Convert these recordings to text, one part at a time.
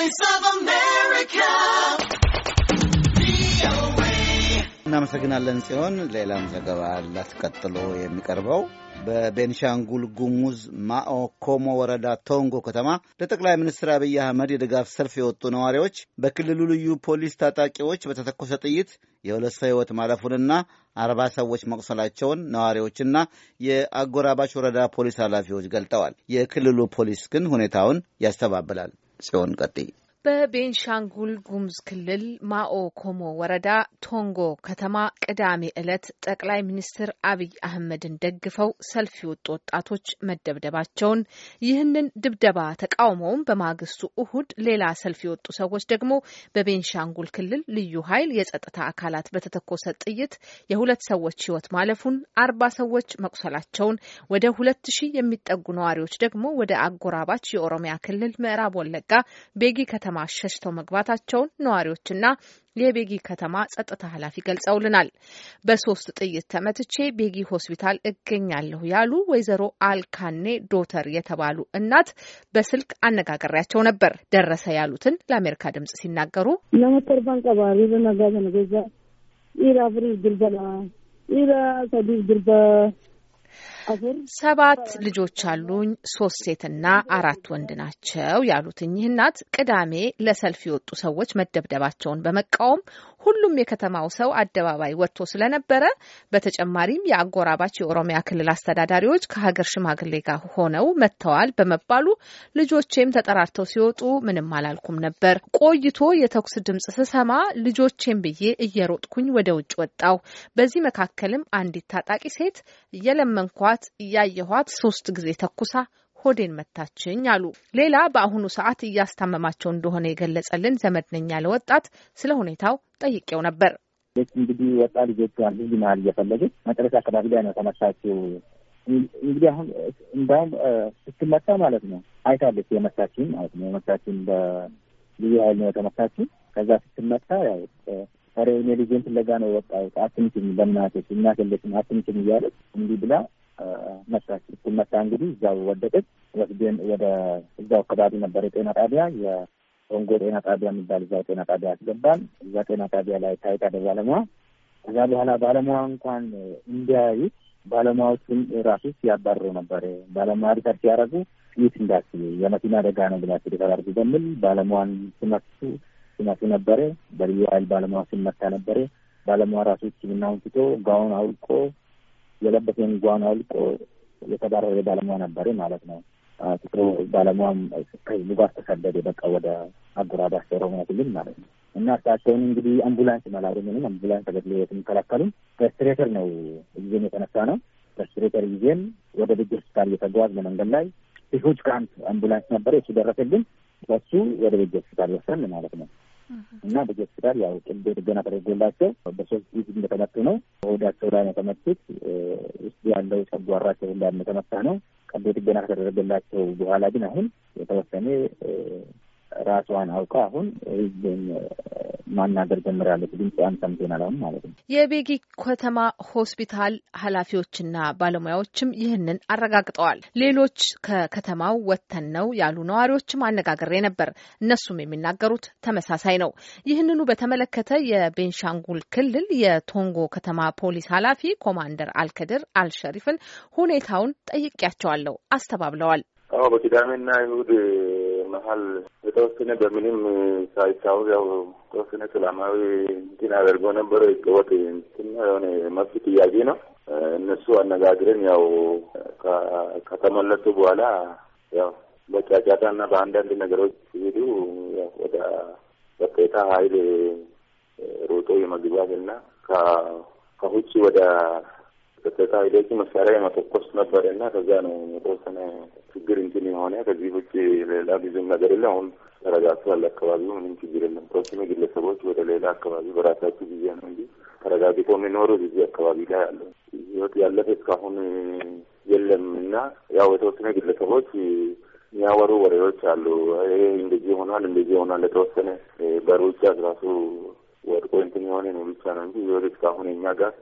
Voice of America. እናመሰግናለን ሲሆን ሌላም ዘገባ አላት ቀጥሎ የሚቀርበው በቤንሻንጉል ጉሙዝ ማኦ ኮሞ ወረዳ ቶንጎ ከተማ ለጠቅላይ ሚኒስትር አብይ አህመድ የድጋፍ ሰልፍ የወጡ ነዋሪዎች በክልሉ ልዩ ፖሊስ ታጣቂዎች በተተኮሰ ጥይት የሁለት ሰው ሕይወት ማለፉንና አርባ ሰዎች መቁሰላቸውን ነዋሪዎችና የአጎራባች ወረዳ ፖሊስ ኃላፊዎች ገልጠዋል። የክልሉ ፖሊስ ግን ሁኔታውን ያስተባብላል። ส่วนกติ በቤንሻንጉል ጉሙዝ ክልል ማኦ ኮሞ ወረዳ ቶንጎ ከተማ ቅዳሜ ዕለት ጠቅላይ ሚኒስትር አብይ አህመድን ደግፈው ሰልፍ የወጡ ወጣቶች መደብደባቸውን፣ ይህንን ድብደባ ተቃውሞውን በማግስቱ እሁድ ሌላ ሰልፍ የወጡ ሰዎች ደግሞ በቤንሻንጉል ክልል ልዩ ኃይል የጸጥታ አካላት በተተኮሰ ጥይት የሁለት ሰዎች ህይወት ማለፉን፣ አርባ ሰዎች መቁሰላቸውን፣ ወደ ሁለት ሺህ የሚጠጉ ነዋሪዎች ደግሞ ወደ አጎራባች የኦሮሚያ ክልል ምዕራብ ወለጋ ቤጊ ከተማ ከተማ ሸሽተው መግባታቸውን ነዋሪዎችና የቤጊ ከተማ ጸጥታ ኃላፊ ገልጸውልናል። በሶስት ጥይት ተመትቼ ቤጊ ሆስፒታል እገኛለሁ ያሉ ወይዘሮ አልካኔ ዶተር የተባሉ እናት በስልክ አነጋገሪያቸው ነበር። ደረሰ ያሉትን ለአሜሪካ ድምጽ ሲናገሩ ሰባት ልጆች አሉኝ፣ ሶስት ሴትና አራት ወንድ ናቸው ያሉት እኚህ እናት ቅዳሜ ለሰልፍ የወጡ ሰዎች መደብደባቸውን በመቃወም ሁሉም የከተማው ሰው አደባባይ ወጥቶ ስለነበረ በተጨማሪም የአጎራባች የኦሮሚያ ክልል አስተዳዳሪዎች ከሀገር ሽማግሌ ጋር ሆነው መጥተዋል በመባሉ ልጆቼም ተጠራርተው ሲወጡ ምንም አላልኩም ነበር። ቆይቶ የተኩስ ድምጽ ስሰማ ልጆቼም ብዬ እየሮጥኩኝ ወደ ውጭ ወጣው በዚህ መካከልም አንዲት ታጣቂ ሴት እየለመንኳ ሰዓት እያየኋት ሶስት ጊዜ ተኩሳ ሆዴን መታችኝ አሉ። ሌላ በአሁኑ ሰዓት እያስታመማቸው እንደሆነ የገለጸልን ዘመድ ነኝ ያለ ወጣት ስለ ሁኔታው ጠይቄው ነበር። እንግዲህ ወጣ ልጆቹ ልጅ መሀል እየፈለገች መጨረሻ አካባቢ ላይ ነው ተመታችው። እንግዲህ አሁን እንዳውም ስትመታ ማለት ነው አይታለች የመታችን ማለት ነው የመታችን በልዩ ኃይል ነው የተመታችን። ከዛ ስትመታ ያው ሬ እኔ ልጄን ፍለጋ ነው ወጣ አትምችኝ፣ ለምናቶች እናት የለችም አትምችኝ እያለች እንዲህ ብላ መስራት ስትመታ እንግዲህ እዛው ወደቀች። ወስደን ወደ እዛው አካባቢ ነበር የጤና ጣቢያ የኦንጎ ጤና ጣቢያ የሚባል እዛው ጤና ጣቢያ አስገባን። እዛ ጤና ጣቢያ ላይ ታይታ ባለሙያ ከዛ በኋላ ባለሙያ እንኳን እንዲያዩ ባለሙያዎቹን ራሱ ሲያባርሩ ነበር። ባለሙያ ሪፈር ሲያደርጉ ይት እንዳስ የመኪና አደጋ ነው ብላ ሪፈር አድርጉ በሚል ባለሙያን ስመቱ ስመቱ ነበረ። በልዩ ኃይል ባለሙያ ሲመታ ነበረ። ባለሙያ ራሱ ሕክምናውን ትቶ ጋውን አውልቆ የለበሰኝ ጓን አውልቆ የተባረረ ባለሙያ ነበር ማለት ነው። ትክሮ ባለሙያም ከህዝቡ ጋር ተሰደደ። በቃ ወደ አጎራባች ኦሮሚያ ክልል ማለት ነው። እና እሳቸውን እንግዲህ አምቡላንስ መላሩ ምንም አምቡላንስ ተገድሎ የተመከላከሉን በስትሬተር ነው ጊዜም የተነሳ ነው። በስትሬተር ጊዜም ወደ ልጅ ሆስፒታል እየተጓዝ በመንገድ ላይ ሲሆች ከአንድ አምቡላንስ ነበር፣ እሱ ደረሰልን። በሱ ወደ ልጅ ሆስፒታል ወሰን ማለት ነው። እና በሆስፒታል ያው ቅዶ ጥገና ተደርጎላቸው በሶስት ጊዜ እንደተመጡ ነው። ወዳቸው ላይ ነው የተመቱት። ውስጥ ያለው ጨጓራቸው ላይ እንደተመታ ነው። ቀዶ ጥገና ከተደረገላቸው በኋላ ግን አሁን የተወሰነ ራሷን አውቃ አሁን ህዝብን ማናገር ጀምራለች። ድምፅዋን ሰምተናል አሁን ማለት ነው። የቤጊ ከተማ ሆስፒታል ኃላፊዎችና ባለሙያዎችም ይህንን አረጋግጠዋል። ሌሎች ከከተማው ወጥተን ነው ያሉ ነዋሪዎችም አነጋግሬ ነበር። እነሱም የሚናገሩት ተመሳሳይ ነው። ይህንኑ በተመለከተ የቤንሻንጉል ክልል የቶንጎ ከተማ ፖሊስ ኃላፊ ኮማንደር አልከድር አልሸሪፍን ሁኔታውን ጠይቄያቸዋለሁ። አስተባብለዋል። አዎ በቅዳሜና ይሁድ መሀል የተወሰነ በምንም ሳይታወቅ ያው ተወሰነ ሰላማዊ እንትን አደርጎ ነበረ ህገወጥ እንትና የሆነ መብት ጥያቄ ነው። እነሱ አነጋግረን ያው ከተመለሱ በኋላ ያው በጫጫታ እና በአንዳንድ ነገሮች ሲሄዱ ወደ በቀታ ሀይል ሮጦ የመግባት እና ከውጭ ወደ በቀታ ሀይሎች መሳሪያ የመተኮስ ነበር እና ከዛ ነው የተወሰነ ችግር እንትን የሆነ ከዚህ ውጭ ሌላ ብዙም ነገር የለ። አሁን ተረጋግቷል። አካባቢው ምንም ችግር የለም። ተወሰኑ ግለሰቦች ወደ ሌላ አካባቢ በራሳቸው ጊዜ ነው እንጂ ተረጋግጦ የሚኖሩ እዚህ አካባቢ ላይ አለ። ህይወት ያለፈ እስካሁን የለም እና ያው የተወሰኑ ግለሰቦች የሚያወሩ ወሬዎች አሉ። ይሄ እንደዚህ ሆኗል፣ እንደዚህ ሆኗል። ለተወሰነ በሩጫ ራሱ ወድቆ እንትን የሆነ ነው ብቻ ነው እንጂ ህይወት እስካሁን የኛ ጋር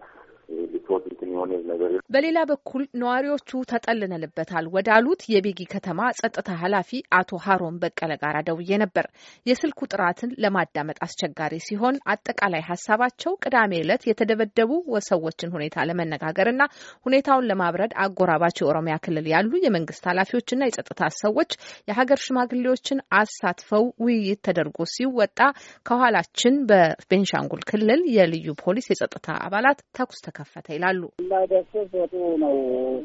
በሌላ በኩል ነዋሪዎቹ ተጠልነንበታል ወዳሉት የቤጊ ከተማ ጸጥታ ኃላፊ አቶ ሀሮን በቀለ ጋር ደውዬ ነበር። የስልኩ ጥራትን ለማዳመጥ አስቸጋሪ ሲሆን አጠቃላይ ሀሳባቸው ቅዳሜ ዕለት የተደበደቡ ሰዎችን ሁኔታ ለመነጋገርና ሁኔታውን ለማብረድ አጎራባች የኦሮሚያ ክልል ያሉ የመንግስት ኃላፊዎችና የጸጥታ ሰዎች፣ የሀገር ሽማግሌዎችን አሳትፈው ውይይት ተደርጎ ሲወጣ ከኋላችን በቤንሻንጉል ክልል የልዩ ፖሊስ የጸጥታ አባላት ተኩስ ተከ ተከፈተ ይላሉ። እንዳይደርሱ ነው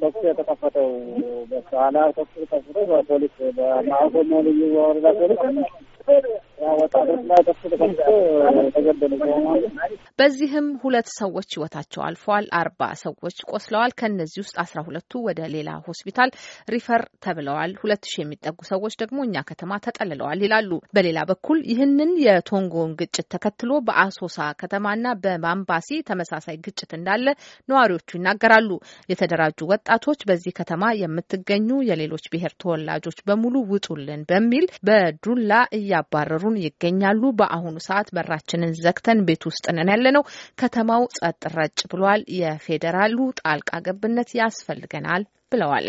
ተኩስ የተከፈተው። በኋላ ተኩስ በፖሊስ በማጎሞ ልዩ ወረዳ ፖሊስ በዚህም ሁለት ሰዎች ህይወታቸው አልፈዋል። አርባ ሰዎች ቆስለዋል። ከእነዚህ ውስጥ አስራ ሁለቱ ወደ ሌላ ሆስፒታል ሪፈር ተብለዋል። ሁለት ሺህ የሚጠጉ ሰዎች ደግሞ እኛ ከተማ ተጠልለዋል ይላሉ። በሌላ በኩል ይህንን የቶንጎን ግጭት ተከትሎ በአሶሳ ከተማና በማምባሲ ተመሳሳይ ግጭት እንዳለ ነዋሪዎቹ ይናገራሉ። የተደራጁ ወጣቶች በዚህ ከተማ የምትገኙ የሌሎች ብሔር ተወላጆች በሙሉ ውጡልን በሚል በዱላ እያባረሩ እየሰሩን ይገኛሉ። በአሁኑ ሰዓት በራችንን ዘግተን ቤት ውስጥ ነን ነው። ከተማው ጸጥ ረጭ ብሏል። የፌዴራሉ ጣልቃ ገብነት ያስፈልገናል ብለዋል።